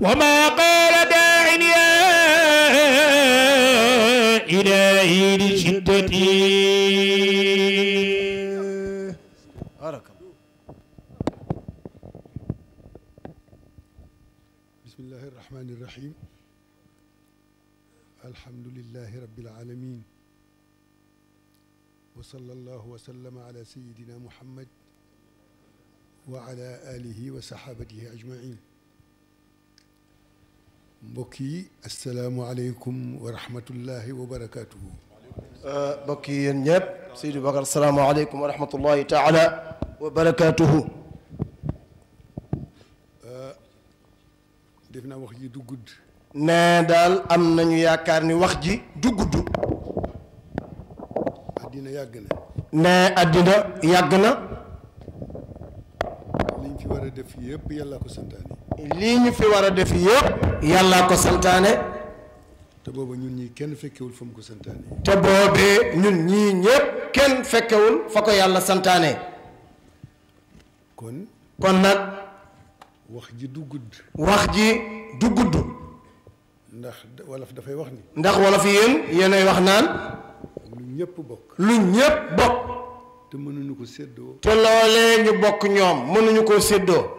وما قال داع يا إلهي لشدتي بسم الله الرحمن الرحيم الحمد لله رب العالمين وصلى الله وسلم على سيدنا محمد وعلى آله وصحابته أجمعين mbokk yi asalaamaaleykum wa rahmatullahi wa barakaatuhu. Euh, mbokk yi yéen ñëpp Seydou Bakar salaamaaleykum wa rahmatullahi taala wa barakaatuhu. Euh, def na wax ji du gudd. nee daal am nañu yaakaar ni wax ji du gudd. addina yàgg na. nee addina yàgg na. liñ fi war a def yëpp yàlla ko santaane. lii ñu fi war a def yëpp yàllaa ko santaane te booba ñun ñii kenn fekkewul fa mu ko santaane te boobee ñun ñii ñëpp kenn fekkewul fa ko yàlla santaane kon kon nag wax ji du gudd wax ji du gudd ndax wolof dafay wax ni ndax wolof yéen yéenay wax naan lu ñëpp bokk lu ñëpp bokk te mënuñu ko séddoo te loolee ñu bokk ñoom mënuñu ko seddoo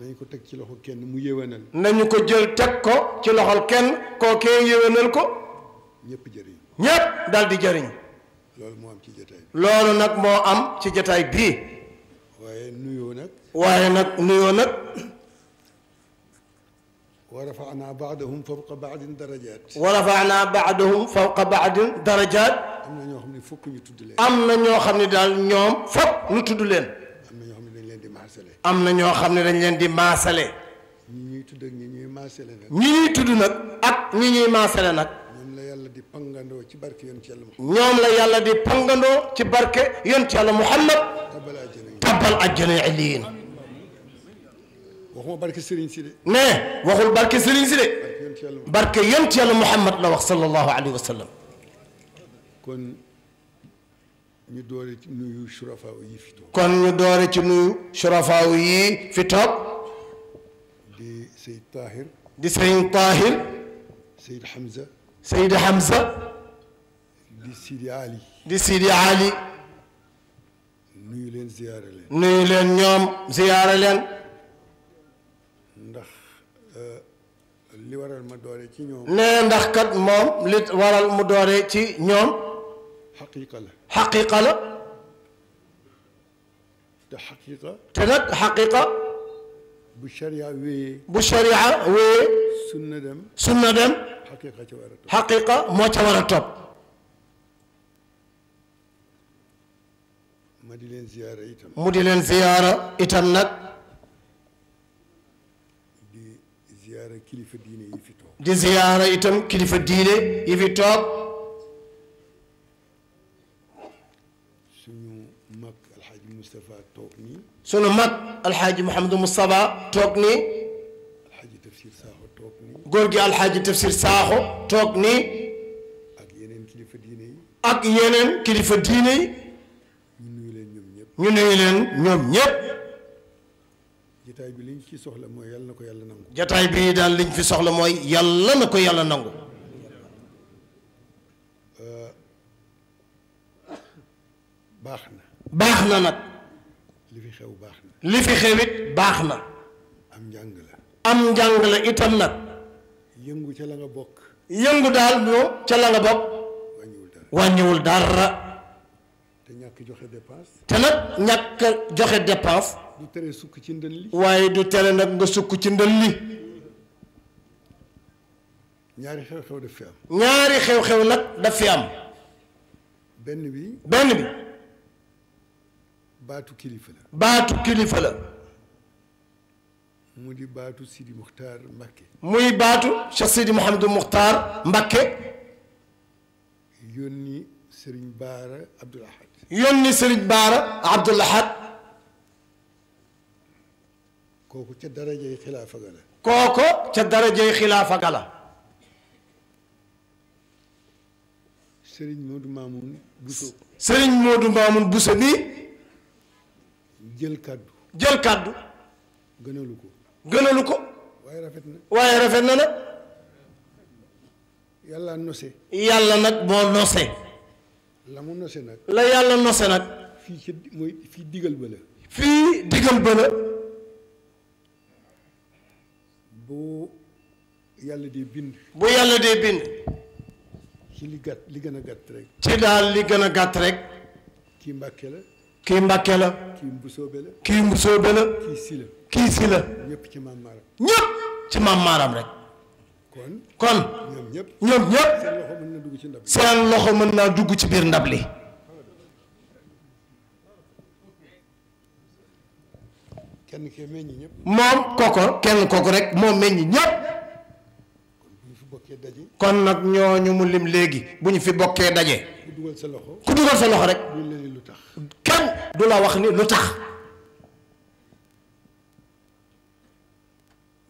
nañu ko teg ci loxo kenn mu yéwénal. nañu ko jël teg ko ci loxol kenn kookee yéwénal ko. ñépp jëriñ. ñëpp daal jariñ loolu moo am ci jotaay bi. nag moo am ci jotaay bii. waaye nuyoo nag. waaye nag nuyoo nag. wa rafanaa baadahum fawqa baadin darajaat. wa rafanaa baadahum fawqa baadin darajaat. am na ñoo xam ne fokk ñu tudd leen. am na ñoo xam ne daal ñoom fokk ñu tudd leen. maasale. am na ñoo xam ne dañ leen di maasale. ñi ñuy tudd ak ñi ñuy maasale nag. ñi ñuy tudd nag ak ñi ñuy maasale nag. ñoom la yàlla di pangandoo ci barke yoon ci yàlla. ñoom la yàlla di pangandoo ci barke yoon ci yàlla Muhammad. tabal ajjana tabal ajjana aliyin. waxuma barke Serigne si de. mais waxul barke Serigne si de. barke yoon mu yàlla Muhammad la wax sallallahu alayhi wa ñu doore ci nuyu surafaaw yi fi toog. ñu doore ci nuyu surafaaw yi fi toog. di Seyd Tahir. di Sëriñ Tahir. Seyd Hamza. Seyd Hamza. di Sidi Ali. nuyu leen ziyaare leen. ñoom ziyaare leen. ndax euh, li waral ma doore ci ñoom. nee ndax kat moom li waral mu doore ci ñoom. xaqiiqa xaqiqa la te bu sharia wéyee bu sharia wéyee sunna dem sunna dem xaqiqa moo ca war a di leen ziyaara itam di ziyaara itam kilifa diine yi fi toog sunu mag alxaaji Mouhamadou Moustapha toog ni góor gi alxaaji Tafsir Saaxo toog ni ak yeneen kilifa diine ak yeneen kilifa diine yi ñu nuyu leen ñoom ñépp jataay bi liñ ci soxla mooy na ko yàlla nangu. bi daal liñ fi soxla mooy yàlla na ko yàlla nangu. baax na. baax na nag. xew baax na. li fi xewit baax na. am njàng la. am njàng la itam nag. yëngu ca la nga bokk. yëngu daal loo ca la nga bokk. wàññiwul dara wàññiwul dara. te joxe dépense. te nag ñàkk joxe dépense. du tere sukk ci ndënd waaye du tere nag nga sukk ci ndënd li. ñaari xew-xew daf fi am. ñaari xew-xew nag daf fi am. benn bi benn bi. baatu kilifa la. baatu kilifa la. mu di baatu Sidi Muxtaar Mbakke. muy baatu Cheikh Sidi Mouhamadou Muxtaar Mbakke. yónni Serigne Baara Abdoul yónni Serigne Baara Abdoul Ahad. ca darajay xilaafa ga la. kooku ca darajay xilaafa ga la. Serigne Modou Mamoun Bousso. Serigne Modou Mamoun Bousso nii. jël kàddu jël kàddu gënalu ko gënalu ko waaye rafet na na nag yàlla nose yàlla nag boo nose la mu nose nag la yàlla nose nag fii ci mooy fii digal ba fii digal ba la yàlla dee bind bu yàlla dee bind ci li gàtt li gën a gàtt rek ci daal li gën a gàtt rek kii mbàkke la kii Mbàkke la kii Mbusoobe la kii si la ñépp ci maam maaram rek kon ñoom ñëpp seen loxo mën naa dugg ci biir ndab li moom kooko kenn kooko rek moom meññi ñëpp kon nag ñooñu mu lim léegi bu ñu fi bokkee daje ku dugal sa loxo rek kenn du la wax ni lu tax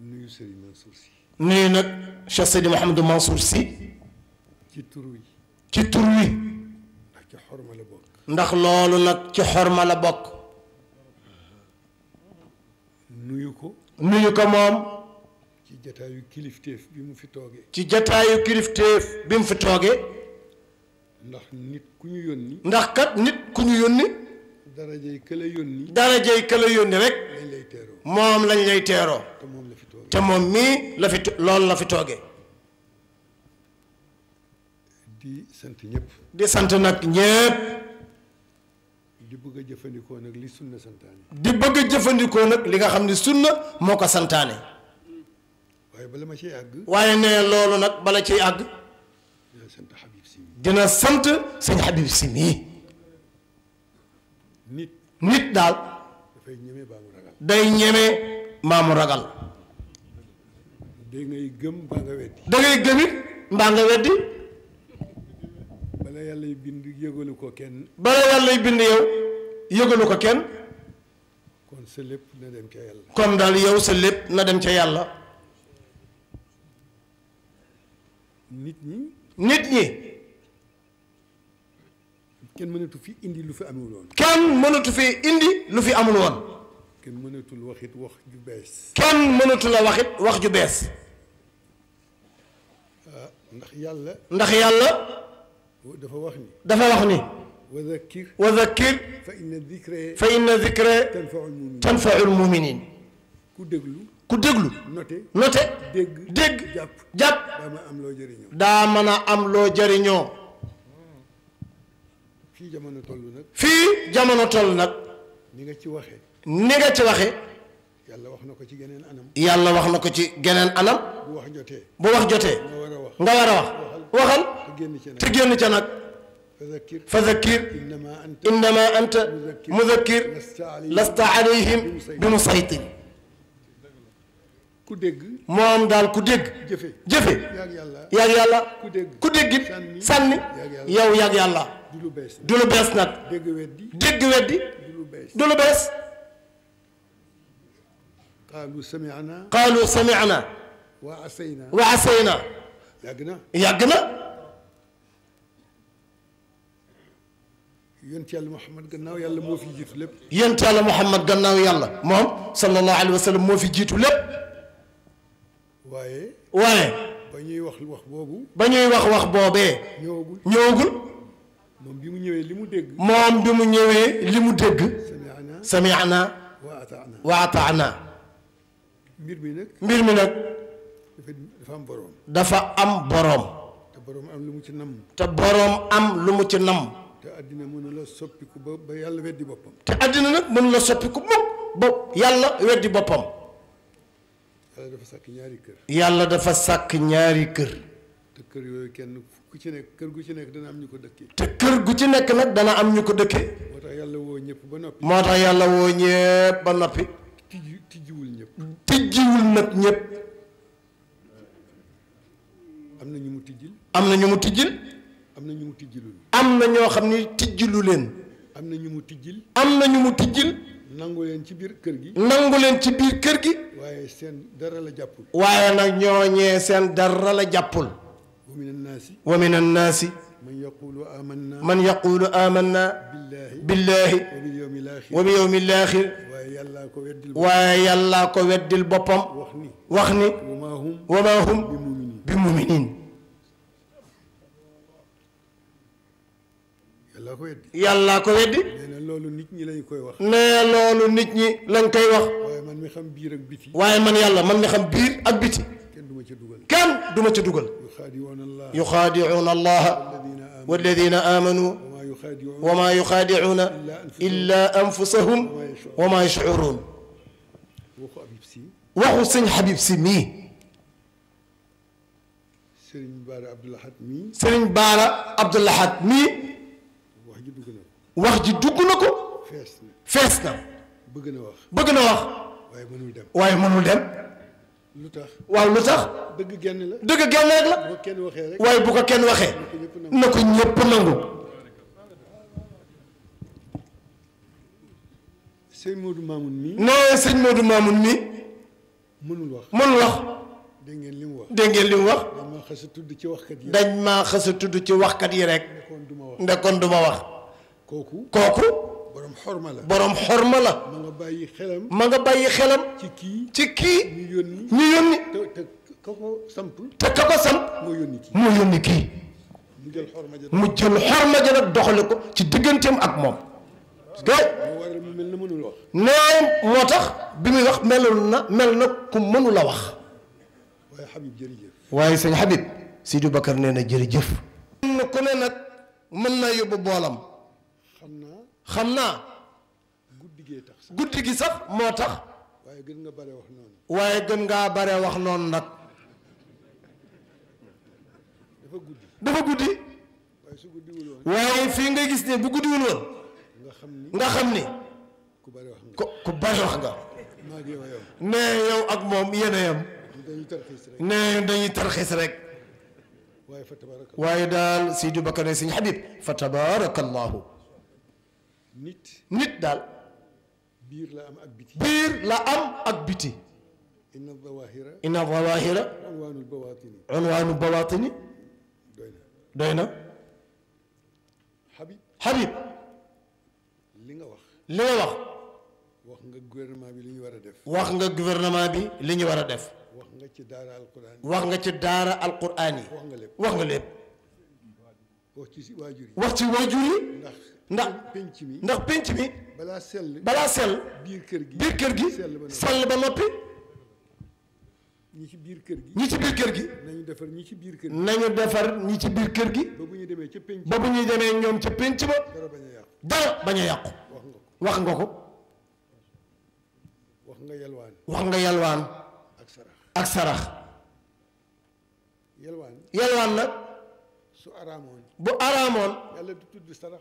nuyu Sëriñ Mansour si nuyu nag Cheikh Seydi Mouhamadou Mansour si ci tur wi ci tur wi ndax la bokk ndax loolu nag ci xorma la bokk nuyu ko nuyu ko moom ci jataayu kilifteef bi mu fi toogee ci jataayu kilifteef bi mu fi toogee ndax nit ku ñu kat nit ku ñu yónni. darajay këla yónni. darajay këla yónni rek. moom lañ lay moom la fi toogee te la fi la fi toogee. di sant nag ñëpp. di bëgg a jëfandikoo nag li sunna di bëgg jëfandikoo nag li nga xam ne sunna moo ko santaane. waaye bala ma àgg. waaye nee nag bala ciy àgg. dina sant sëñ Habib si mii nit nit daal day ñeme maamu ragal da ngay gëm mbaa nga weddi da ngay mbaa nga weddi bala yàlla bind ko kenn bala bind yow yëgalu ko kenn kon sa lépp na dem ca yàlla kon daal yow sa lépp na dem ca yàlla nit ñi nit ñi kenn mënatu fi indi lu fi amul woon. kenn mënatu fi indi lu fi amul woon. kenn mënatul waxit wax ju bees. kenn mënatu la waxit wax ju bees. Ah, ndax yàlla. ndax yàlla. dafa wax ni. dafa wax ni. wa zakkir. wa zakkir. fa inna zikre. fa inna zikre. ku déglu. ku déglu. note note. dégg dégg. jàpp daa mën a am loo jëriñoo. daa mën a am loo jëriñoo. fii jamono toll nag. fii jamono toll nag. ni nga ci waxee. ni nga ci waxee. yàlla wax na ko ci geneen anam. yàlla wax na ko ci geneen anam. bu wax jotee. bu wax jotee. nga war a wax nga a wax. waxal te génn ca nag. fa zakkir innama anta muzakkir lasta alayhim bi musaytir ku dégg moom daal ku dégg. jëfe jëfe. yaag yàlla ku dégg ku dégg sànni. yow yaag yàlla. du lu bees du lu bees nag. dégg weddi dégg weddi. du lu bees. qaalu sami'na. qaalu sami'na. wa asayna wa asayna. yàgg na yàgg na. yonent yàlla Muhammad gannaaw yàlla moo fi jiitu lépp. yonent yàlla Muhammad gannaaw yàlla moom sallallahu alayhi wa sallam moo fi jiitu lépp. waaye. waaye. ba ñuy wax wax boobu. ba ñuy wax wax boobee. ñëwagul ñëwagul. moom bi mu ñëwee li mu dégg. moom bi mu li mu dégg. sami'na wa ata'na mbir mi nag. mbir mi nag. dafa am boroom. dafa am boroom. te boroom am lu mu ci nam. te boroom am lu mu ci nam. te àddina mënula la soppiku ba ba yàlla weddi boppam. te àddina nag mën la soppiku mukk ba yàlla weddi boppam. yàlla dafa sàkk ñaari kër. yàlla dafa sàkk ñaari kër. te kër yooyu kenn ku ci nekk kër gu ci nekk dana am ñu ko dëkkee. te kër gu ci nekk nag dana am ñu ko dëkkee. moo tax yàlla woo ñëpp ba noppi. moo tax yàlla woo ñëpp ba noppi. tijji tijjiwul ñëpp. tijjiwul nag ñëpp. am na ñu mu tijjil. am na ñu mu tijjil. am na ñu mu tijjilul. am na ñoo xam ni tijjilu leen. am na ñu mu tijjil. am na ñu mu tijjil. nangu leen ci biir kër gi. leen ci biir kër gi. waaye seen dara la jàppul. waaye nag ñooñee seen dara la jàppul. wa mina naasi. wa mina naasi. man yaqulu amanna. man yaqulu amanna. billaahi. wa bi yawmi laaxir. waaye yàllaa ko weddil. waaye yàllaa ko boppam. wax ni. wa hum. bi muminin. yàlla ko weddi. yàlla ko weddi. nee na loolu nit ñi lañ koy wax. nee loolu nit ñi lañ koy wax. waaye man mi xam biir ak biti. waaye man yàlla man mi xam biir ak biti. kenn du ma ca dugal. kenn du ma ca dugal. yuxaadicuuna allaha walladina aamanu wa maa yuxaadicuuna illaa anfusahum wa maa yashcuruun. waxu sëñ Habib si mii. Sëriñ Baara Abdoul Ahad mii. Sëriñ Baara Abdoul Ahad mii. wax ji dugg na ko. fees na bëgg na wax bëgg na wax. waaye mënul dem waaye mënul dem. lu tax waaw lu tax. dëgg genn la dëgg la. kenn waxee waaye bu ko kenn waxee. na ko ñëpp nangu. sëñ Modou Mamoun mii. nee sëñ Modou Mamoun mii. mënul wax mënul wax. dégg li mu wax wax. dañ maa xas tudd ci waxkat yi. dañ maa tudd ci waxkat yi rek. ndekoon du ma wax. kooku kooku. borom xorma la borom ma nga bàyyi xelam. ma nga bàyyi ci kii ci kii. ñu yónni ñu ko samp. te ka ko samp. moo yónni kii moo yónni mu jël xorma jël xorma doxale ko ci digganteem ak moom. gay nee moo tax bi muy wax melul na mel na ku mënul a wax. waaye Habib jërëjëf. waaye sëñ Habib. Sidi Bakar nee na jërëjëf. na ne nag mën naa yóbbu boolam. xam naa xam naa guddi gee tax guddi gi sax moo tax waaye gën nga bare wax noonu waaye gën ngaa bare wax noonu nag dafa guddi dafa guddi waaye su guddiwul woon waaye fii nga gis ne bu guddiwul woon nga xam ni nga xam ni ku bare wax nga ku bare wax nga nee yow ak moom yéen a yem nee dañuy tarxiis rek waaye daal Seydou Bakane Sëñ Habib fa tabarakallahu nit nit daal. biir la am ak biti. biir la am ak biti. inna zawahira. inna zawahira. unwaanu bawaatini. unwaanu bawaatini. doy na doy na. Habib Habib. li nga wax. li nga wax. wax nga gouvernement bi li ñu war a def. wax nga gouvernement bi li ñu war a def. wax nga ci daara alquraan yi. wax nga ci daara alquraan yi. wax nga lépp. wax ci waajur yi wax ci waajur yi. ndax ndax penc mi ndax penc mi. balaa sell balaa sell. biir kër gi biir kër gi sell ba noppi. ñi ci biir kër gi ñi ci biir kër gi. nañu defar ñi ci biir kër gi defar ñi ci biir kër gi. ba bu ñu demee ca penc bu ñu demee ñoom ca penc ba. dara bañ a yàqu bañ yàqu. wax nga ko. wax nga yalwaan wax nga yalwaan. ak sarax ak sarax. yalwaan nag. su araamoon bu araamoon. yàlla du tudd sarax.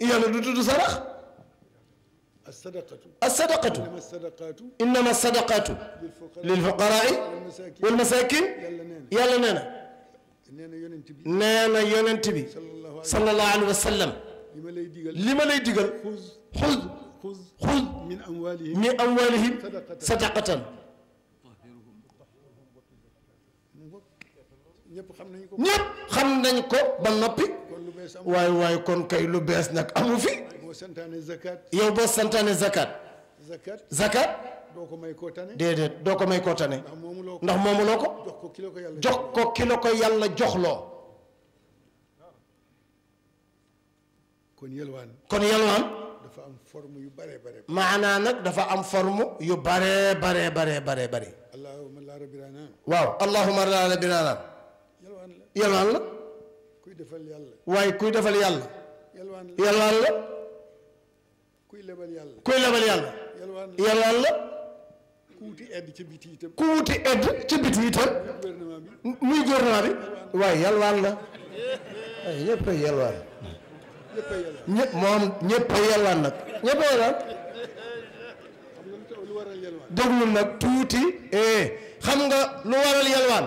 yàlla du tudd sarax. الصدقة الصدقة إنما الصدقات إنما الصدقات للفقراء والمساكين yàlla nee na nee na yonent bi sallallahu alayhi wa sallam li ma lay digal xuz xuz min amwalihim sadaqatan ñépp xam nañ ko ñëpp xam nañ ko ba noppi waaye waaye kon kay lu bees nag amu fi yow boo santaane zakat zakat doo ko may koo déedéet doo ko may koo tane ndax moomuloo ko jox ko ki la ko yàlla joxloo kon yalwaan kon yalwaan dafa am forme yu bare maanaa nag dafa am forme yu bare bare bare bare bare waaw allahuma la rabiraana yalwaan la kuy waaye kuy defal yàlla yalwaan la kuy lebal yàlla kuy lebal yàlla yalwaan la ku wuti edd ca biti itam ku muy gouvernement bi waaye yalwaan la waaye yalwaan moom ñëpp yalwaan nag ñëpp yalwaan déglu nag tuuti xam nga lu waral yalwaan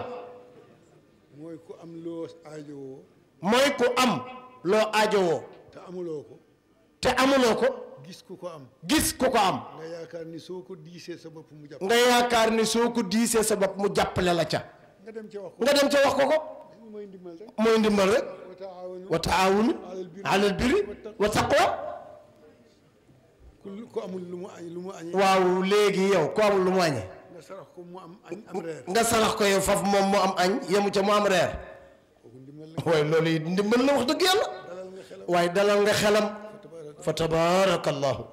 loo aajowoo mooy ku am loo aajowoo te amuloo ko te amuloo ko gis ku ko am gis ku ko am nga yaakaar ni soo ko diisee sa bopp mu jàpp nga yaakaar ni soo ko sa bopp mu jàppale la ca nga dem ca wax ko ko ko mooy ndimbal rek mooy ndimbal rek wa taawunu alal birri amul lu mu añ waaw léegi yow ku amul lu mu añee nga sarax ko mu am añ am reer nga sarax ko yow faf moom mu am añ yemu ca mu am reer waaye loolu it ndimbal la wax dëgg yàlla waaye dalal nga xelam fa tabarakallahu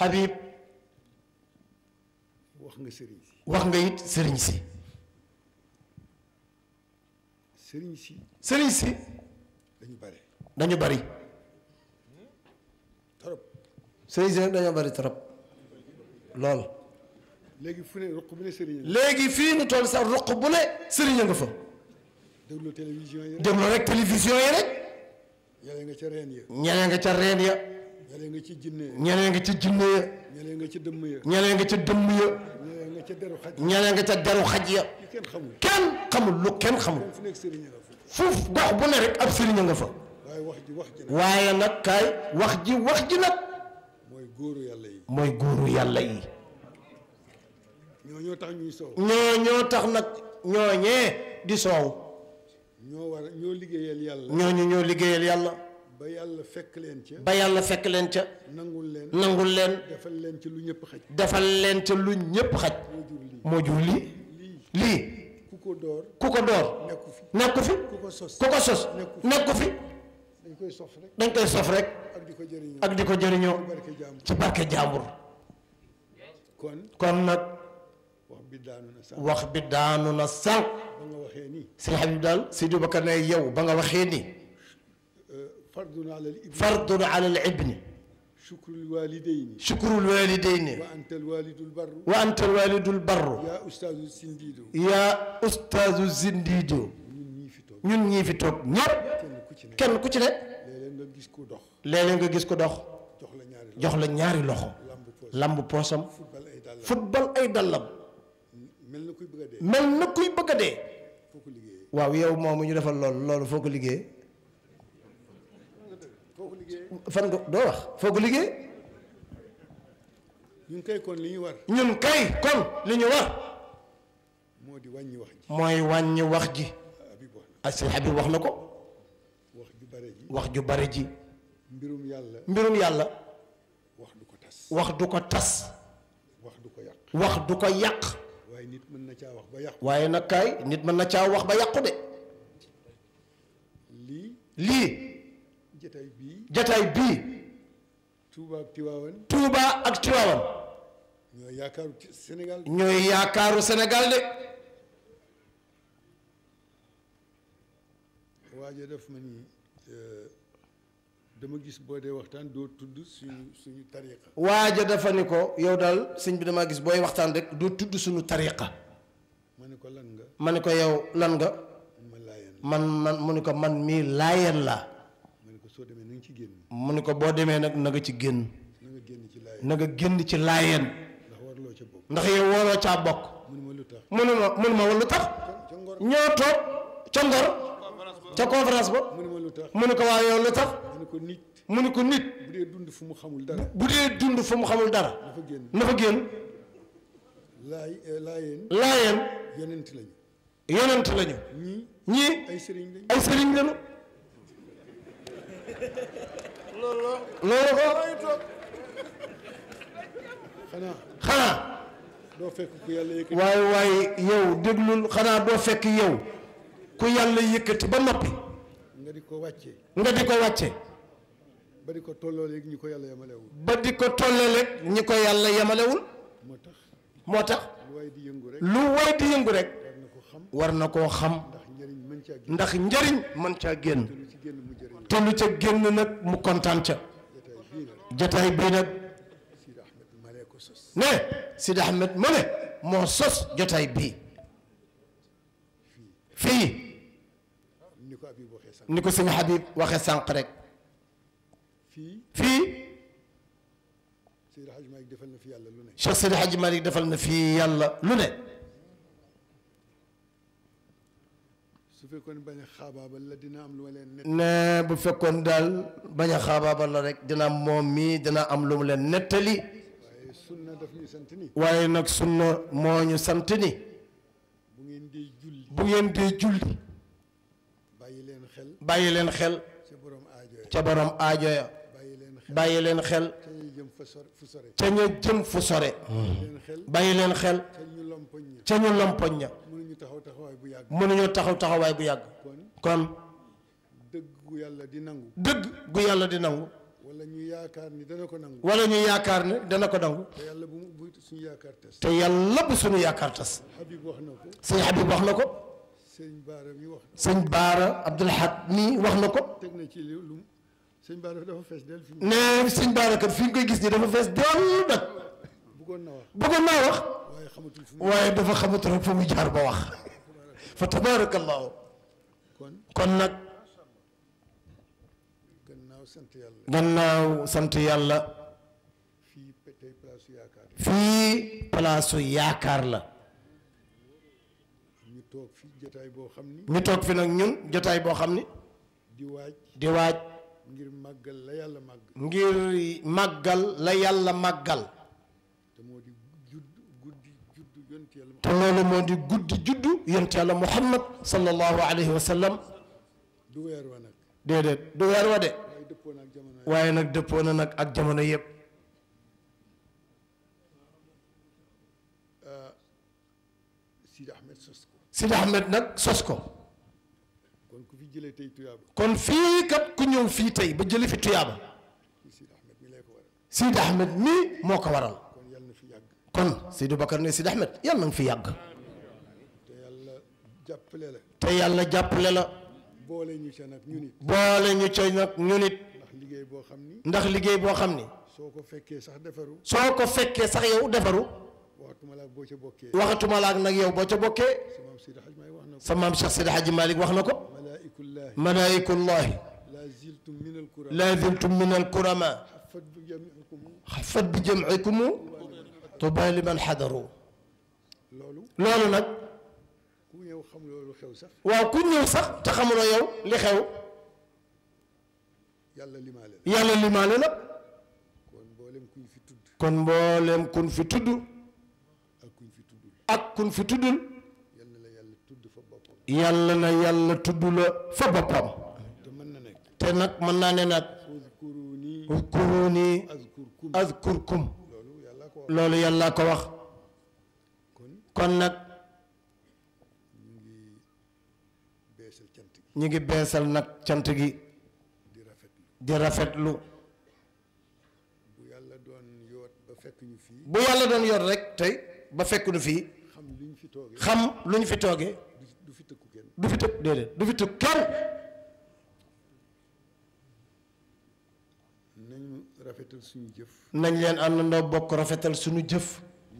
Habib wax nga sëriñ wax nga it sëriñ si sëriñ si dañu bari dañu bari trop sëriñ si nag dañoo bari trop lool léegi fu ne ruq bu ne sëriñ léegi fii nu toll sax bu ne sëriñ a nga fa déglu télévision yi rek déglu rek télévision yi rek. ñeneen nga ca reen ya. ñeneen nga ca reen ya. nga ci jinne ya. ñeneen nga ci jinne ya. nga ci dëmm ya. ñeneen nga ca dëmm ya. ñeneen nga ca deru xaj. ñeneen nga ca deru ya. kenn xamul kenn xamul lu kenn xamul. fuuf gox bu ne rek ab sëriñ nga fa. waaye wax ji wax ji nag. waaye kaay wax ji wax ji nag. mooy góoru yàlla yi. mooy góoru yàlla yi. ñoo ñoo tax ñoo ñoo tax nag ñooñee di soow. ñoo war ñoo liggéeyal yàlla. ñooñu ñoo liggéeyal yàlla. ba yàlla fekk leen ca. ba yàlla fekk leen ca. nangul leen nangul leen. defal leen ci lu ñëpp xaj. defal leen ca lu ñëpp xaj. moo jur lii lii. ku ko door ku ko door. nekku fi fi. ku ko sos nekku fi. dañ koy sof rek dañ koy sof rek. ak di ko jëriñoo ak di ko jëriñoo. ci barke jàmbur. kon kon nag. wax bi daanu na sànq sëñ Habib daal Seydi Bakar ne yow ba nga waxee ni euh, fardun ala al ibni shukrul walidayni shukrul walidayni wa anta al walidul barru wa anta al walidul barru yaa ustaazu zindiido yaa ustaazu zindiido ñun ñii fi toog ñëpp kenn ku ci ne léeg-léeg nga gis ko dox jox la ñaari loxo lamb poosam football ay dallam mel na kuy bëgg a dee. na kuy bëgg a dee. foo waaw yow moomu ñu defal loolu loolu foo ko liggéeyee. foo ko liggéeyee fan doo wax foo ko liggéeyee. ñun kay kon li ñu war. ñun di wàññi wax ji. mooy wàññi wax ji. Asil Habib wax na ko. wax ju bare ji wax ju ji. mbirum yàlla mbirum yàlla. wax du wax du ko tas. wax du ko yàq wax du ko yàq. na caa wax waaye nag kaay nit mën na caa wax ba yàqu de. lii. lii. jataay bii. jataay bii. Touba ak Tiwaawan. Touba ak Tiwaawan. ñooy yaakaaru Sénégal. yaakaaru Sénégal de. waajo def ma ni euh, dama gis boo dee waxtaan doo tudd suñu suñu tariqa waaja dafa ni ko yow daal sëñ bi damaa gis booy waxtaan rek doo tudd suñu tariqa ma ne ko lan nga. ma ne ko yow lan nga. man man mu ne ko man mii laayeen laa. mu ne ko soo demee na nga ci génn. mu ne ko boo demee nag na nga ci génn. na nga génn ci laayeen na nga génn ci laayeen. ndax warloo ca bokk. ndax yow waroo caa bokk. mu ne ma lu tax mu ne ma mu ne ma wala lu tax. ñoo toog ca ngor. ca conférence ba. mu ne ma lu tax mu ne ko waaye yow lu tax. mu ne ko nit. mu ne ko nit. bu fu mu xamul dara. bu dee dund fu mu xamul dara. na fa génn. Eh, laayeen laayeen yonent lañu yonent lañu ñii ay sëriñ lañu ay sëriñ lañu loolu ko xanaa doo fekk ku yàlla yëkkati waaye waaye yow déglul xanaa doo fekk yow ku yàlla yëkkati ba noppi nga di ko wàcce nga di ko wàcce ba di ko tollooleeg ñi ko yàlla yemalewul ba di ko tollooleeg ñi ko yàlla yemalewul moo tax moo tax lu way di yëngu rek war na koo xam ndax njëriñ man caa génn te lu ca génn nag mu kontaan ca jataay bii nag ne Sidi Ahmed ma ne moo sos jataay bii fii ni ko sëñ Habib waxee sànq rek fii. Cheikh Seydi Hadji defal na fii yàlla lu ne. su fekkoon bañ a xaabaabal dina am lu ma ne bu fekkoon daal bañ a xaabaabal la rek dina am moom mii dina am lu mu leen nettali. waaye sunna sant ni. waaye nag sunna moo ñu sant ni. bu ngeen dee julli bàyyi leen xel bàyyi leen xel. ca borom aajo ya. ya. bàyyi bàyyi leen xel. jëm fu sore ca ña jëm fu sore bàyyi leen xel ca ñu lompoñ ña mënuñu taxaw taxawaay bu yàgg mënuñu taxaw taxawaay bu yàgg kon dëgg gu yàlla di nangu dëgg gu yàlla di nangu wala ñu yaakaar ni dana ko nangu wala yaakaar ne dana ko nangu te yàlla bu suñu yaakaar tas te yàlla bu suñu yaakaar tas Habib wax na ko sëñ na ko sëñ Baara mi wax sëñ wax na ko sëñ Bara dafa fees nee sëñ Bara fi ñu koy gis nii dafa fees dell nag. bëggoon naa wax bëggoon naa wax. waaye dafa xamatul rek fa mu jaar ba wax. fa tabaarakallaahu kon nag. sant yàlla. gannaaw sant yàlla. fii palaasu yaakaar la. ñu toog fi nag ñun jotaay boo xam ni. di waaj di waaj. ngir màggal la yàlla màggal. te moo di guddi juddu yonent yàlla. moo di guddi juddu yonent yàlla Muhammad sallallahu alayhi wa sallam. wa de. waaye nag dëppoona nag ak jamono yëpp. Euh, Sidi nag sos ko. jëlee tey kon fii kat ku ñëw fii tey ba jëlee fi tuyaaba. Sidi Ahmed mii moo ko waral. kon Seydou Bakar ne Sidi Ahmed yàlla na nga fi yàgg. te yàlla jàppale la. te yàlla jàppale la. boole ñu ca nag ñu nit. boole ñu ca nag ndax liggéey boo xam ni. ndax liggéey boo xam ni. soo ko fekkee sax defaru. soo ko fekkee sax yow defaru. waxatuma la boo ca bokkee. waxatuma la ak nag yow boo ca bokkee. sa maam Cheikh Seydi Hadji Malick wax na ko. malaa'ikullahi. laa ziltum min alkurama. xafat bi jamcikumu. tuba liman xadaru. loolu nag. waaw ku ñëw sax te xamuloo yow li xew. yàlla limaale la. kon mboolem kuñ fi tudd. ak kun fi tuddul yàlla na yàlla tudd la fa boppam te nag mën naa ne nag uzkuruni azkurkum loolu yàlla ko wax kon nag ñu ngi beesal nag cant gi di rafetlu bu yàlla doon yoot rek tey ba fekk nu fii xam lu ñu fi toogee du fi tëkku kenn du fi tëkk déedéet du fi tëkk kenn nañu rafetal suñu jëf nañ leen àndandoo bokk rafetal suñu jëf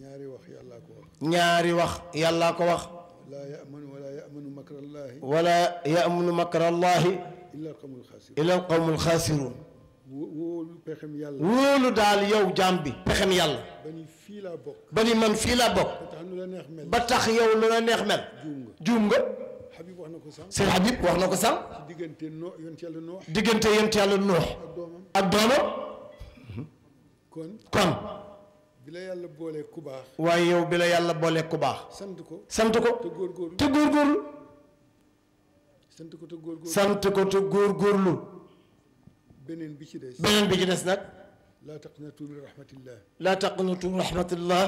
ñaari wax yàllaa ko wax ñaari wax yàllaa ko wax laa yamanu wala yamanu makrallaahi wala yamanu makrallaahi illa alqawmul xaasiruun wóolu pexem yàlla wóolu daal yow jaam bi pexem yàlla fii laa bokk ba ni man fii laa bokk ba tax yow lu la neex mel juum nga Habib wax na ko sànq sëñ Habib wax na ko sànq diggante yonent yàlla noox ak doomam kon kon bi la yàlla boolee ku baax waaye yow bi yàlla boolee ku baax sant ko sant ko te góor te góorgóorlu sant ko te góorgóorlu sant ko te góorgóorlu beneen bi ci des beneen bi ci des nag laa taqnatu min rahmatillah. laa taqnatu min rahmatillah.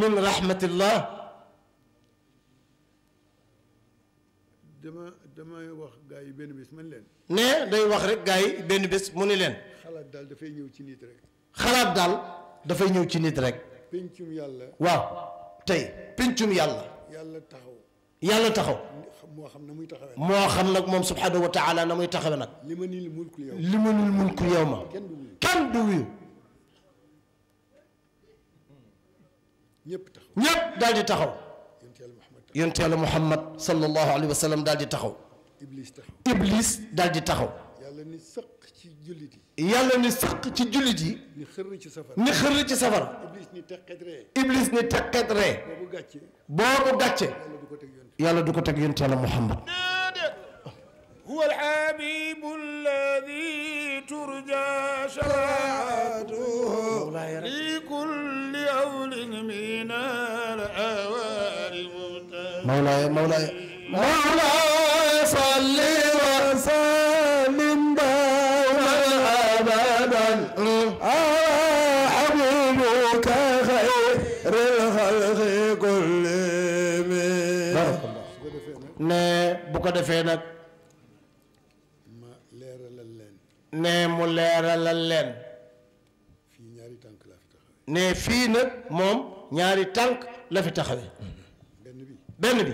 min rahmatillah min dama damay wax gars yi benn bés leen. ne day wax rek gars yi benn bés mu ni leen. xalaat daal dafay ñëw ci nit rek. xalaat daal dafay ñëw ci nit rek. pencum yàlla. waaw tey pencum yàlla. yàlla yàlla taxaw moo xam na muy taxawee moo xam nag moom subhanahu wa taala na muy taxawee nag limanil mulku yow limanil mulku yow ma kenn du wuyu ñëpp taxaw ñëpp dal di taxaw yonte yàlla muhammad sallallahu alayhi wa sallam daal di taxaw iblis daal di taxaw ci jullit yi. yàlla ni sàq ci jullit yi. ni xër ci safara ni xër ci safara. iblis ni teqet ree. iblis ni teqet ree. boobu gàcce. boobu gàcce. yàlla du ko teg yonent yàlla Muhammad. huwa al-habibu alladi turja shafaatuhu li kulli awlin min al-awaari mawlaaya mawlaaya mawlaaya salli ko defee nag ma leeralal leen ne mu leeralal leen fii ñaari tànk la fi taxawe ne fii nag moom ñaari tànk la fi taxawe benn bi benn bi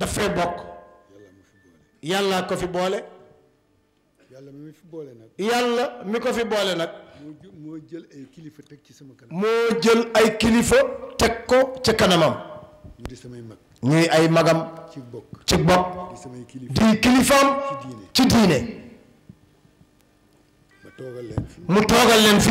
dama fee bokk yàlla ko fi boole yàlla mi fi boole nag. yàlla mi ko fi boole nag. moo jël ay kilifa teg ci sama kanam. ay kilifa teg ko ca kanamam. di samay mag. ñuy ay magam ci bopp di kilifaam ci diine mu toogal leen fi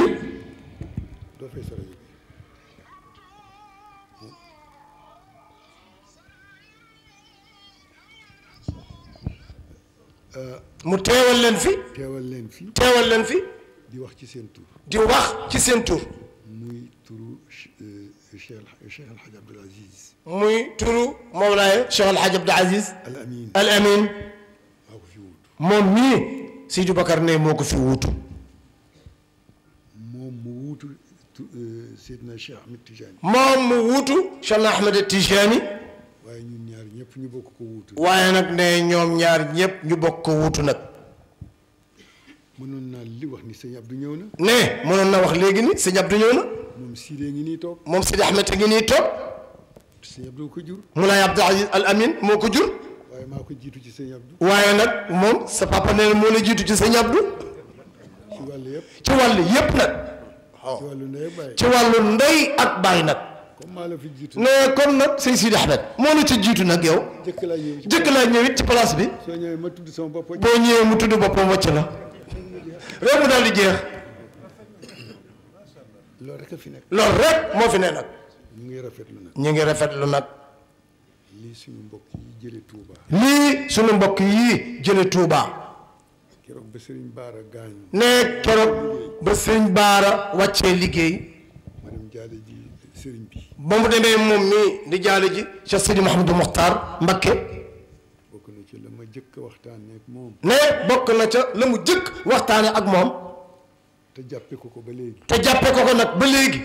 mu teewal leen fi teewal leen fi teewal leen fi di wax ci seen tur di wax ci seen tur muy eh, Cheikh El Hadj Abdoul Aziz. muy turu Mawlaaya Cheikh El Hadj Abdoul Aziz. Al Amin moom mii Sidi Bakar ne moo ko fi wuutu. moom mu wuutu euh, Seydina Cheikh Ahmed Tijani. moom waaye ñun ñaar ñëpp ñu bokk ko wuutu. waaye nag ne ñoom ñaar ñëpp ñu bokk ko wuutu nag. mënoon naa li wax ni sëñ Abdou ñëw na. ne mënoon na wax léegi ni sëñ Abdou ñëw na. moom Sidee ngi nii moom Sidi Ahmed ngi nii toog. sëñ Abdou ko jur. Moulay Abdou Aziz Al Amin moo ko jur. waaye jiitu ci sëñ Abdou. waaye nag moom sa papa nee moo la jiitu ci sëñ Abdou. ci wàll yëpp ci wàll yëpp nag. ci wàllu ndey ak baay ci wàllu ndey ak nag. comme maa la fi comme nag sëñ Sidi Ahmed. moo la ci jiitu nag yow. jëkk laa ñëw jëkk laa ñëw ci place bi. soo ñëwee ma tudd sama boo ñëwee mu tudd boppam wàcc la. rek mu daal di jeex. loolu rek fi nekk loolu rek moo fi ne nag. ñu ngi rafetlu nag ñu ngi rafetlu nag. lii suñu mbokk yi jëlee Touba. lii suñu mbokk yi jëlee Touba. keroog ba Serigne Baara gaañu. ne keroog ba Serigne Baara wàccee liggéey. ma dem jaale ji ji Cheikh Sidi Mouhamadou Mokhtar Mbacké. bokk na ca la ma ne bokk na ca la mu jëkk waxtaanee ak moom. te jàppe ko ko ba léegi. te jàppe ko ko nag ba léegi.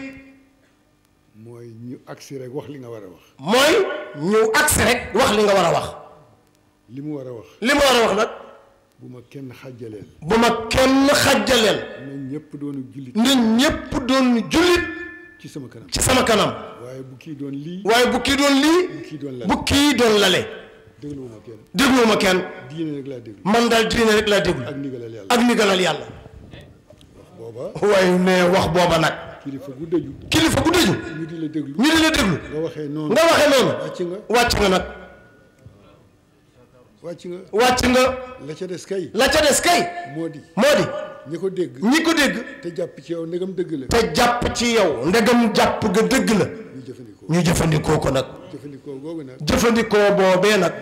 mooy ñu agsi rek wax li nga war a wax. mooy ñu agsi rek wax li nga war a wax. li mu war a wax. li mu war a wax nag. bu ma kenn xàjjaleel. bu ma kenn xàjjaleel. ñëpp doonu jullit. nañ ñëpp doonu jullit. ci sama kanam ci sama kanam. waaye bu kii doon lii. waaye bu kii doon lii. bu kii doon lale bu kii doon lale. dégluwuma kenn. dégluwuma kenn. diine rek laa déglu. man daal diine rek laa déglu. ak ndigalal yàlla ak ndigalal yàlla. waaye ne wax booba nag. kilifa gu dëju. kilifa gu dëju. ñu di la déglu ñu di nga waxee noonu nga wàcc nga wàcc nga nag. wàcc nga wàcc nga. la ca des kay. la ca des kay. moo di moo di. ñi ko dégg ñi ko dégg. te jàpp ci yow ndegam dëgg la. te jàpp ci yow ndegam jàpp nga dëgg la. ñu jëfandikoo ko nag. jëfandikoo googu nag. jëfandikoo boobee nag.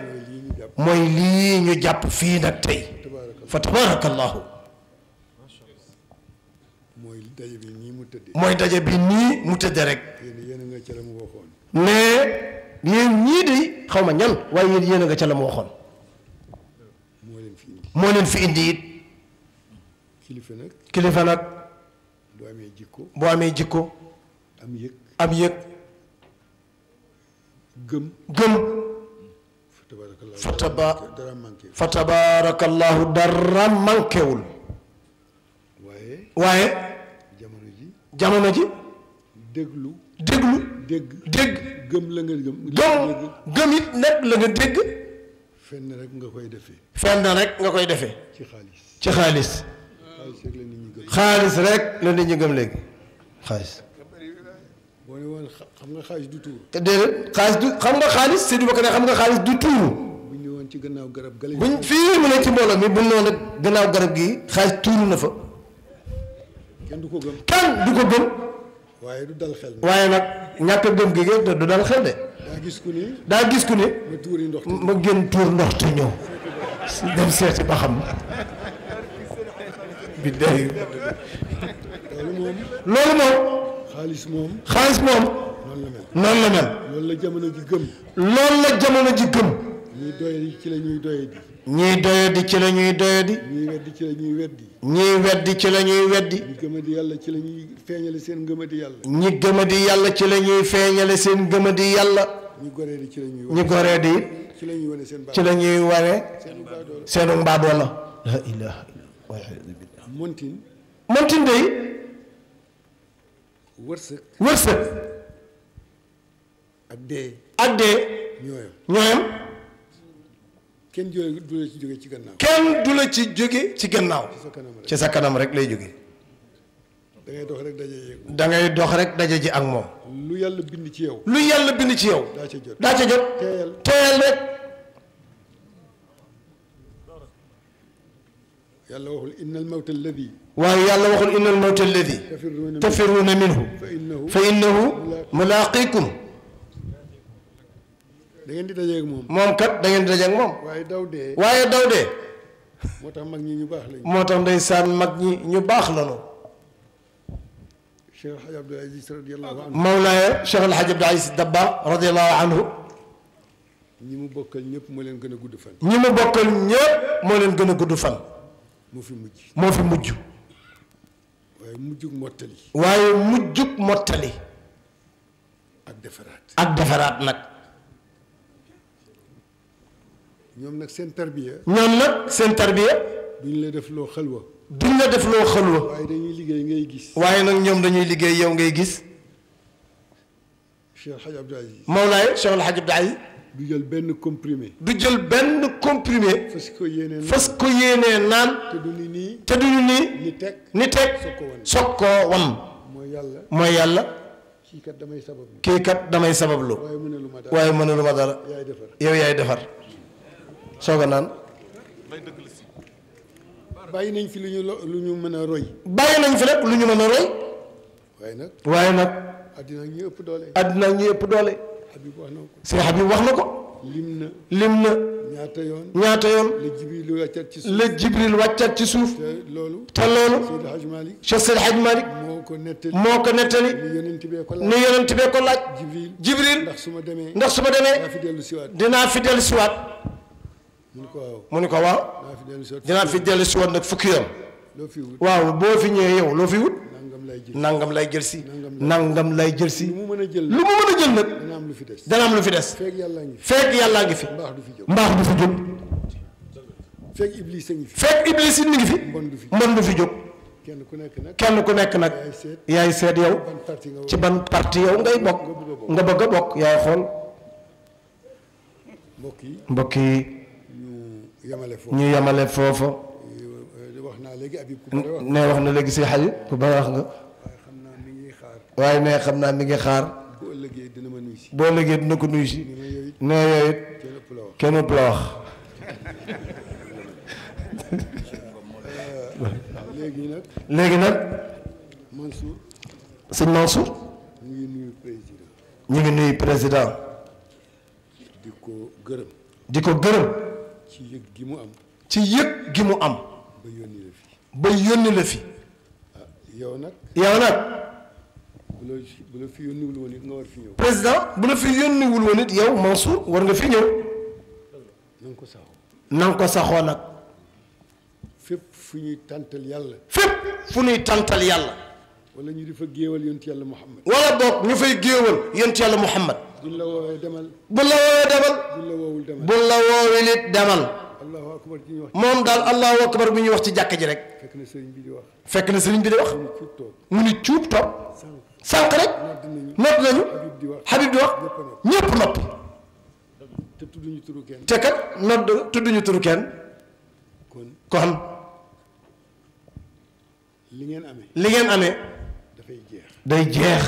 mooy lii ñu jàpp fii nag tey. fa tabaarakallaahu mooy daje bi nii mu tëddee. mooy daje bi nii mu tëddee rek. yéen nga ca mu waxoon. mais yéen ñii di xaw ma ñan waaye yéen yéen nga ca waxoon. moo leen fi indi. moo leen fi indi it. kilifa nag. kilifa nag. boo amee jikko. am yëg. gëm. gëm. fa tabaarakallahu dara manqué waaye jamono ji. déglu déglu. dégg dégg. gëm la nga gëm. gëm gëm it nag la nga dégg. fenn rek nga koy defee. fenn rek nga koy defee. ci xaalis ci xaalis. xaalis rek la nit ñi gëm léegi xaalis. boo ne woon xam nga xaalis du tuuru. te déedéet xaalis du xam nga xaalis Seydou ne xam nga xaalis du tuuru. bu ci gannaaw garab gale. buñ fii mu ne ci mbooloo mi bu ñu noonu gannaaw garab gi xaalis tuuru na fa. kenn du ko gëm ko gëm. waaye du dal xel waaye nag ñàkk a gëm gi ngeen du dal xel de. daa gis ku ni daa gis ku ni. ma tuuri ndox ma gën tuur ndox te ñëw. dem seeti ba xam. bi day. loolu moom. loolu moom. xaalis moom. xaalis moom. noonu la mel. la mel. loolu la jamono ji gëm. loolu la jamono ji gëm. ci la ñuy doy ñii doyadi ci la ñuy doyadi. ñii weddi ci la ñuy weddi. ñii weddi ci la ñuy weddi. ñi gëmadi yàlla ci la ñuy feeñale seen ngëmadi yàlla. ñi yàlla ci la ñuy feeñale seen ngëmadi yàlla. ñu goreedi ci la ñuy ñi ci la ñuy seen baadoolo ci la ñuy seenu baadoolo la ilaha illallah. montin. montin dey. wërsëg. wërsëg. ak dee. ñooyam. kenn du la ci jóge ci gannaaw. kenn du la ci jóge ci gannaaw. ci sa kanam rek lay jóge. dangay ngay dox rek daje ji. dox rek daje ji ak moom. lu yàlla bind ci yow. lu yàlla bind ci yow. daa ca jot daa ca jot. teel teel rek. yàlla waxul innal waaye yàlla waxul innal mawta alladi. tafirruuna minhu. fa innahu mulaaqikum da di dajeeg moom. moom kat da ngeen di dajeeg moom. waaye daw dee. waaye daw moo tax mag ñi ñu baax lañu. moo tax ndeysaan mag ñi ñu baax lañu. Cheikh Alhaji Abdoul Aziz radiyallahu anhu. Mawlaaya Cheikh Alhaji Abdoul Aziz Dabba radiyallahu anhu. ñi mu bokkal ñëpp moo leen gën a gudd fan. mu bokkal ñëpp moo leen gën gudd fan. moo fi mujj moo fi mujj. waaye mujjug mottali. waaye mujjug mottali. ak defaraat ak defaraat nag. ñoom nag seen tarbiya. ñoom nag seen tarbiya. duñ la def loo xalwa. duñ la def loo xalwa. waaye dañuy liggéey ngay gis. waaye nag ñoom dañuy liggéey yow ngay gis. Cheikh Hadj Abdou Aziz. Mawlaay Cheikh El Hadj Abdou du jël benn comprimé. du jël benn comprimé. fas ko yéenee naan fas ko te du ni nii. te du ni nii. ni teg ni teg. soog koo wan. mooy yàlla mooy yàlla. kii kat damay sabablu. kii kat damay sabablu. waaye mënaluma dara waaye mënaluma dara. yow yaay defar. soog a naan. bàyyi nañ fi lu ñu lu ñu mën a roy. bàyyi nañ fi lépp lu ñu mën a roy. waaye nag waaye nag. addina ak ñi ëpp doole. addina ak doole. Habib wax na ko. Sëñ wax na ko. lim na lim ñaata yoon ñaata yoon. la Jibril wàccat ci suuf la Jibril wàccat ci suuf. te loolu. te loolu. Seydi Hadj Malick. Cheikh moo ko nettali moo ko nettali. ni yonent bee ko laaj ni yonent bee ko Jibril ndax su ma demee ndax su ma demee. dinaa fi dellu siwaat dinaa fi dellu siwaat. mu ni ko waaw dinaa fi dellu si woon nag fukki yoon waaw boo fi ñëwee yow loo fi wut nangam lay jël si nangam lay jël si lu mu mën a jël nag dana am lu fi des feek yàllaa ngi fi mbaax du fi jóg feek iblis yi mi ngi fi mbon du fi jóg kenn ku nekk nag yaay seet yow ci ban parti yow ngay bokk nga bëgg a bokk yaay xool mbokk ñu yemale foofa ne wax na léegi si xarit bu baax wax nga waaye ne xam naa mi ngi xaar boo ëllëgee dina ko nuyu si ne yooyu kenn ëpp la wax léegi nag sëñ Mansour ñu ngi nuyu président di ko gërëm di ko gërëm ci yëg gi mu am. ci yëg gi mu am. ba yónni la fi. ba yónni la fi. Ah, yow nag. yow nag. bu la bu fi yónniwul woon it président bu la fi yónniwul woon it yow Mansour war nga fi ñëw. na ko saxoo. na ko saxoo nag. fépp fu ñuy tàntal yàlla. fépp fu ñuy tàntal yàlla. wala ñu di fa géewal yonent yàlla Muhammad. wala boog ñu fay géewal yonent yàlla Muhammad. buñ la woowee demal. woowee demal buñ la woowee it demal moom daal allahu akbar bi ñuy wax ci jàkk ji rek fekk na sëriñ bi di wax mu ni cuub toog sànq rek nopp nañu Habib di wax ñépp nopp te kat nodd tudduñu turu kenn kon li ngeen amee li ngeen amee dafay jeex day jeex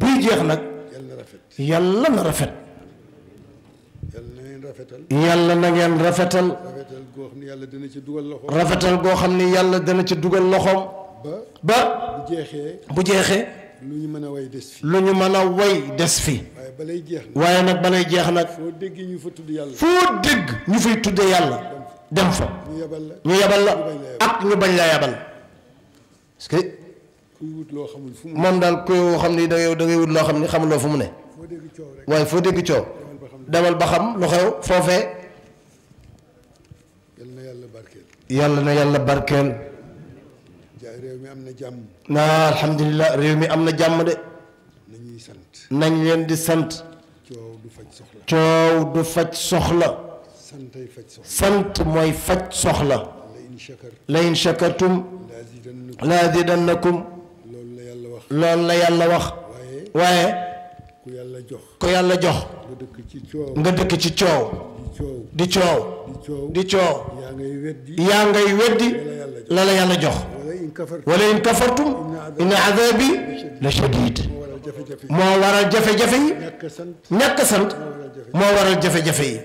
buy jeex nag yàlla na rafet yàlla na rafet yàlla na ngeen rafetal. rafetal goo xam ne yàlla dana ci dugal loxoom. rafetal goo xam ne yàlla dana ci dugal loxoom. ba bu jeexee bu jeexee. lu ñu mën a way des fi. lu ñu a way des fi. waaye balay jeex nag waaye nag balay jeex nag. foo dégg ñu fa tudd yàlla. foo dégg fay tuddee yàlla. dem fa ñu yabal la yabal la ak ñu bañ la yabal. parce que. kuy wut loo xamul fu mu. moom daal kuy woo xam ne da ngay da ngay wut loo xam ne xamuloo fu mu ne. waaye foo dégg coow. demal ba xam lu xew foofee yal na yàlla barkeel yàlla na yàlla barkeel mi am na jàmm naa alhamdulilah réew mi am na jàmm de sant nañ leen di sant coow du faj soxla sant mooy faj soxla la in shakartum la zidannakum loolu la loolu la yàlla wax waaye ko yàlla jox. ku yàlla jox. nga dëkk ci coow. ci coow. di coow. di coow. yaa ngay weddi. yaa ngay la la yàlla jox. wala in a inna azabi la shadid. moo waral jafe-jafe yi. ñàkk sant. moo waral jafe-jafe yi.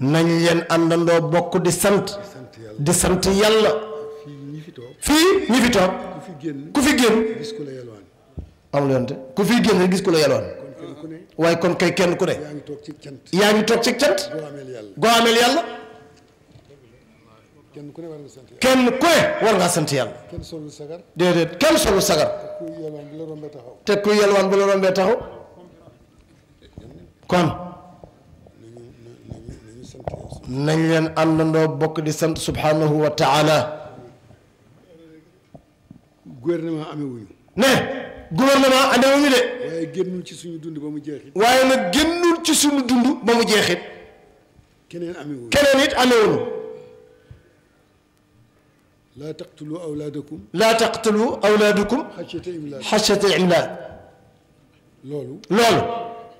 nañ leen àndandoo bokk di sant. di sant yàlla. fii ñi fi toog. ku fi génn. gis ku la yalwaan. amul ku fi génn gis ku la yalwaan. waaye kon kay kenn ku ne. yaa ngi toog ci cant. yaa ngi toog ci cant. goo ameel yàlla goo kenn ku ne war sant yàlla kenn ku ne war ngaa sant yàlla. kenn solul kenn solul sagar. te kuy yelwaan bu la rombee taxaw. te kuy yelwaan bu la rombee bokk di sant subhanahu wa taala. gouvernement amewuñu. ne. gouvernement andewuñu de. waaye génnul ci suñu dund ba mu jeexit. waaye nag génnul ci suñu dund ba mu jeexit. keneen amewuñu keneen it amewuñu. laa taqtulu awlaadakum. laa taqtulu awlaadakum. xashyata imlaaq xashyata imlaaq. loolu. loolu.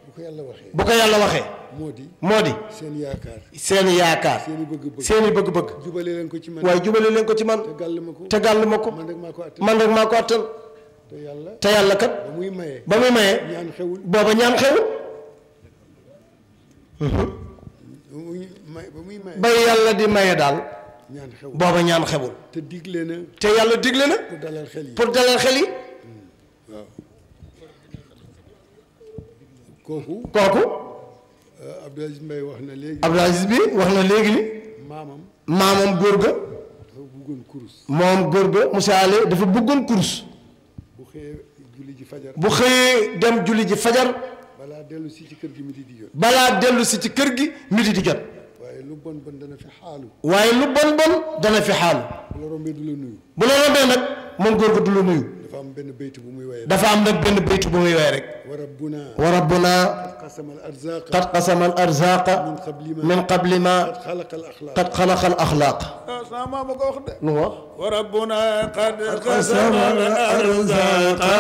bu ko yàlla waxee. bu ko yàlla waxee. moo di. moo di. seen yaakaar. seen yaakaar. seen i bëgg-bëgg seen i bëgg-bëgg. jubale leen ko ci man waaye jubale leen ko ci man. gàll ma ko te gàll ma ko. man rek maa ko attan. te yàlla kat ba muy maye booba ñaan xewul ba yàlla di maye daal booba ñaan xewul te digle na te yàlla digle na pour dalal xel yi hmm, kooku kooku euh, Abdou Aziz na léegi bi wax na léegi ni maamam góor ga moom góor ga monsieur Allé dafa bëggoon kurus bu xëyee dem julli ji fajar. balaa dellu si ci kër gi midi di jot. balaa dellu si ci kër gi midi di jot. waaye lu bon bon dana fi xaalu. waaye lu bon bon dana fi xaalu. bu la rombee du la nuyu. bu la rombee nag moom góor ga du la nuyu. dafa am benn baytu bu muy woyee dafa am nag benn baytu bu muy woyee rek. wa rabbuna wa rabbuna qad qasama al arzaqa min qabli ma qad xalaqa al axlaaq ah, sama ma ko wax de lu wax wa rabbuna qad qasama al arzaqa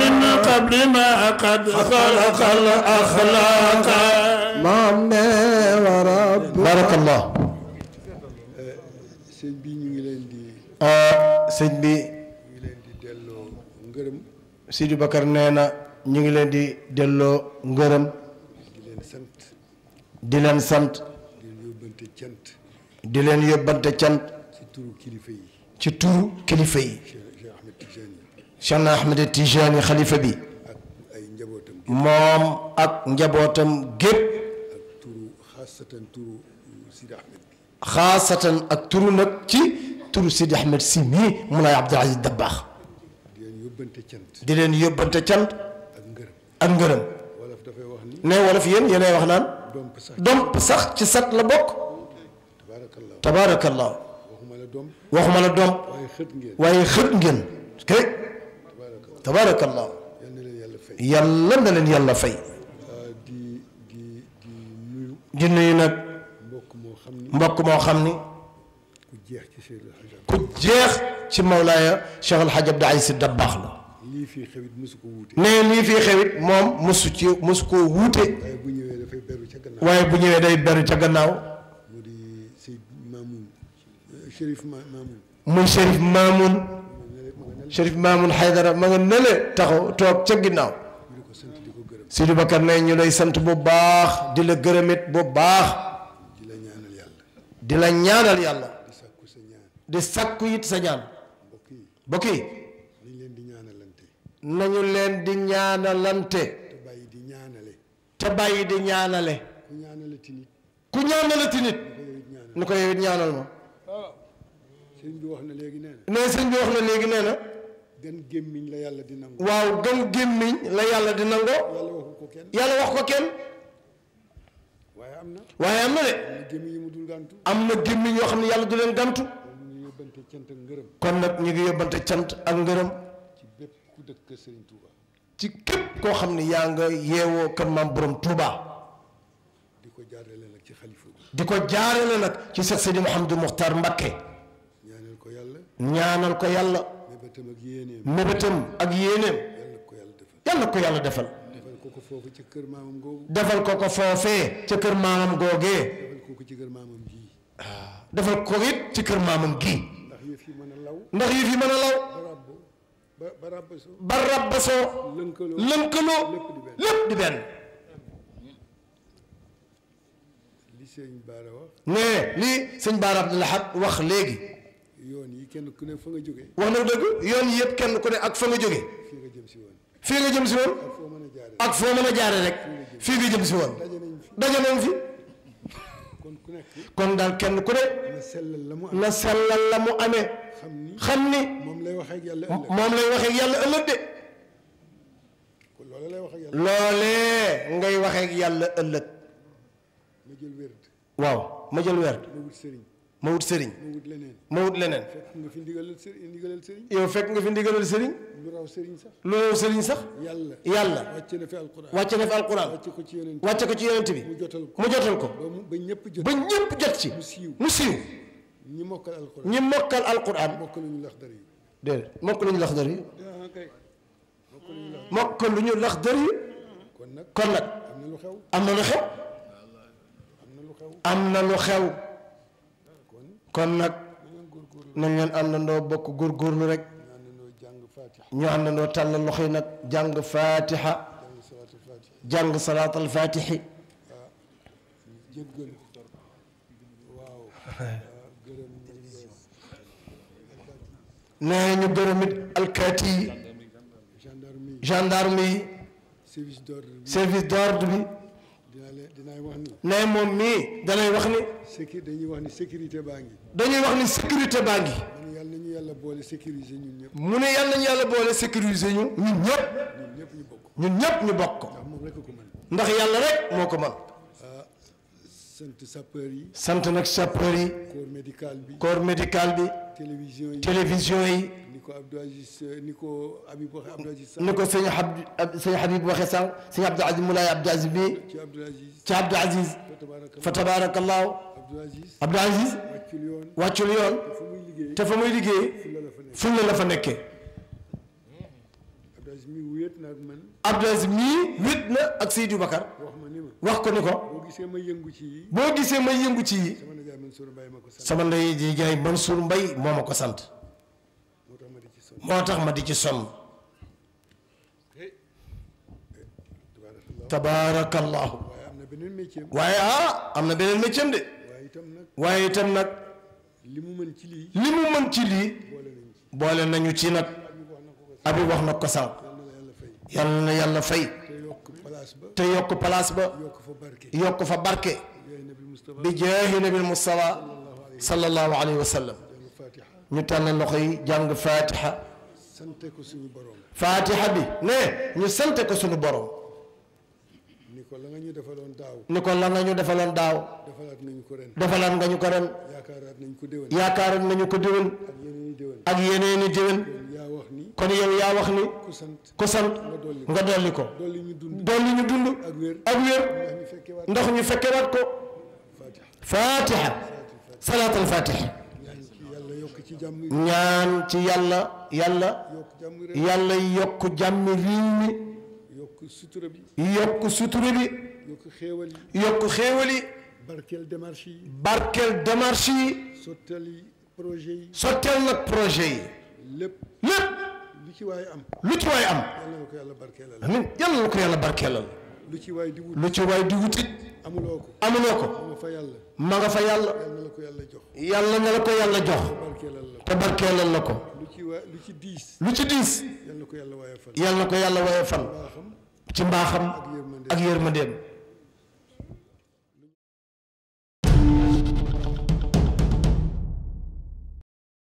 min qabli ma qad xalaqa al axlaaq maam ne wa rabbuna barakallah eh, sëñ bi ñu ngi leen di eh, sëñ bi Sidi Bakar nee na ñu ngi leen di delloo ngërëm di leen sant di leen sant di leen yóbbante cant di ci turu kilifa yi ci turu kilifa yi Cheikh Ahmed Tijani xalifa bi moom ak njabootam gépp xaasatan ak turu nag ci turu Sidi Ahmed si mii Moulay Abdoul Aziz Dabakh yóbbante cant. di leen yóbbante cant. ak ngërëm ak ngërëm. wolof dafay wax ne wolof yéen yéenay wax naan. domp sax ci sat la bokk. tabaarakallaahu. waxuma la domp. waxuma la domp. waaye xët ngeen. waaye xët ngeen. kay. tabaarakallaahu. yàlla na leen yàlla fay. Ah, di di di di nuyu nag. mbokk moo xam ni. mbokk moo xam ni. ku jeex. ci Mawlaaya Cheikh El Hadj Abdou Aziz Sy Dabakh la. fii xewit mosu ko wuute. nee lii fii xewit moom mosu ci mosu koo wuute. waaye bu ñëwee dafay ca gannaaw. waaye bu ñëwee day beru ca gannaaw. mu di Seyd Mamoun. Chérif Mamoun. muy Chérif Mamoun. Chérif Mamoun Haydara ma nga nële taxaw toog ca ginnaaw. Sidi Bakar ne ñu lay sant bu baax di la gërëmit bu baax. di la ñaanal yàlla. di la ñaanal yàlla. di sakku it sa ñaan. bokk yi nañu leen di ñaanalante nañu leen di ñaanalante te bàyyi di ñaanale te bàyyi di ñaanale ku ñaanalati nit ku nu ko yewit ñaanal ma sëñ wax na léegi nee na nee wax na léegi nee gën gémmiñ la yàlla di nangu waaw gën gémmiñ la yàlla di nango yàlla waxu ko kenn wax ko kenn waaye am na waaye am na de am na gémmiñ yoo xam ne yàlla du leen gantu kon nag ñu ngi yóbbante cant ak ngërëm. ci képp koo xam ne yaa nga yeewoo kër maam borom Touba. di ko jaarale nag ci xalifa di ko jaarale nag ci Seex Sidi Mouhamadou Mokhtar Mbacké. ñaanal ko yàlla. ñaanal ko yàlla. mébétam ak yéeneem. ak yéeneem. yàlla ko yàlla defal. defal ko ko foofee ca kër maamam googee. defal ko ko ca kër maamam ci kër maamam gii. Ah, defal ci kër maamam gii. ndax yëf yi mën a law ba rabbasoo lënkaloo lépp di benn ne lii sëñ Baara Abdul Ahad wax léegi yoon yi kenn ku ne fa nga jóge wax na dëgg yoon yi kenn ku ne ak fa nga jóge fii nga jëm si woon ak foo mën a jaare rek fii nga jëm si woon daje nañ fi kon daal kenn ku ne. na sellal la mu amee na sellal la mu amee. xam ni moom lay waxee ak yàlla ëllëg moom lay waxee ak yàlla ëllëg de. loole ngay waxee ak yàlla ëllëg. ma jël werd. waaw ma jël weer ma wut ma wut sëriñ ma wut leneen fekk fi ndigalal sëriñ yow fekk nga fi ndigalal sëriñ lu raw sëriñ sax lu raw sëriñ sax yàlla yàlla wàcce na fi alquran wàcce na fi alquran wàcce ko ci yonent bi mu jotal ko ba ñëpp jot ba ñëpp jot ci mu siiw ñi mokkal alquran ñi mokkal alquran mokk lu ñu laxdar yi déedéet mokk lu ñu ah, laxdar yi mokk lu ñu laxdar yi kon nag am na lu xew am na lu xew am na lu xew kon nag nañ leen àndandoo bokk góorgóorlu rek ñu àndandoo tàllal loxo yi nag jàng fatiha jàng salaatal fatihi nee ñu gërëm it alkaati yi gendarme yi service d'ordre bi dinaa leen dinaay wax ni. ne moom mii danay wax ni. sécu dañuy wax ni sécurité baa ngi. dañuy wax ni sécurité baa ngi. mu ne yàlla nañu yàlla boole sécuriser ñun ñëpp. mu ne yàlla nañu yàlla boole sécuriser ñu ñun ñëpp. ñun ñëpp ñu bokk. ñun ñëpp ñu bokk. ndax moom rek ko mën. ndax yàlla rek moo ko mën. sant sapeur yi. sant nag sapeur yi. corps médical bi. corps télévision yi ni ko Abdou Aziz ni ko Habib waxee Abdou Aziz. ni ko sëñ Habib sëñ Habib waxee sànq sëñ Abdou Aziz Moulay Abdou Aziz bi. ci Abdou Aziz. ci Abdou Aziz. fa tabaarakallaahu. Abdou Aziz. wàccul yoon te fa muy liggéey. fulla la fa nekkee. Abdou Aziz mii wéet na ak man. Bakar. wax ko ni ko boo gisee may yëngu ci yi boo gisee may yëngu ci yi sama ndey jaay Mansour mbay moo ma ko sant moo tax ma di ci sonn tabaarakallahu waaye ah am na beneen métier de waaye itam nag li mu mën ci lii li mu mën ci lii boole nañu ci nag abi wax na ko sànq yàlla na yàlla fay te yokk place ba yokk fa barke bi jaahi nabil mustafa sallallahu alayhi wa sallam ñu tàllal loxo yi jàng fatiha fatiha bi ne ñu sante ko suñu borom ni ko la nga ñu defaloon daaw ni ko la nga ñu defaloon daaw defalaat nga ñu ko ren yaakaaraat nañu ko déwén ak yeneen i déwén kon yow yaa wax ni ku sant nga dolli ko dolli ñu dund ak wér ndax ñu fekkewaat ko fatiha salaat al fatiha ñaan ci yàlla yàlla yokk jàmmi réew mi yokk sutura bi yokk sutura bi yokk xéewal yi barkeel démarche yi barkeel démarche yi sottel projet yi lépp lu ci waay am. lu ci am. na ko yàlla barkeelal. amiin yal na ko yàlla barkeelal. lu ci waay di wut waay di wutit. amuloo ko amuloo ko. ma nga fa yàlla. ma yàlla. na la ko yàlla jox. yàlla na la ko yàlla jox. te barkeelal la ko. lu ci waa lu ci diis. lu ci diis. yal na ko yàlla waayee yal na ko yàlla waayee fan. ci mbaaxam ak yërmandeem.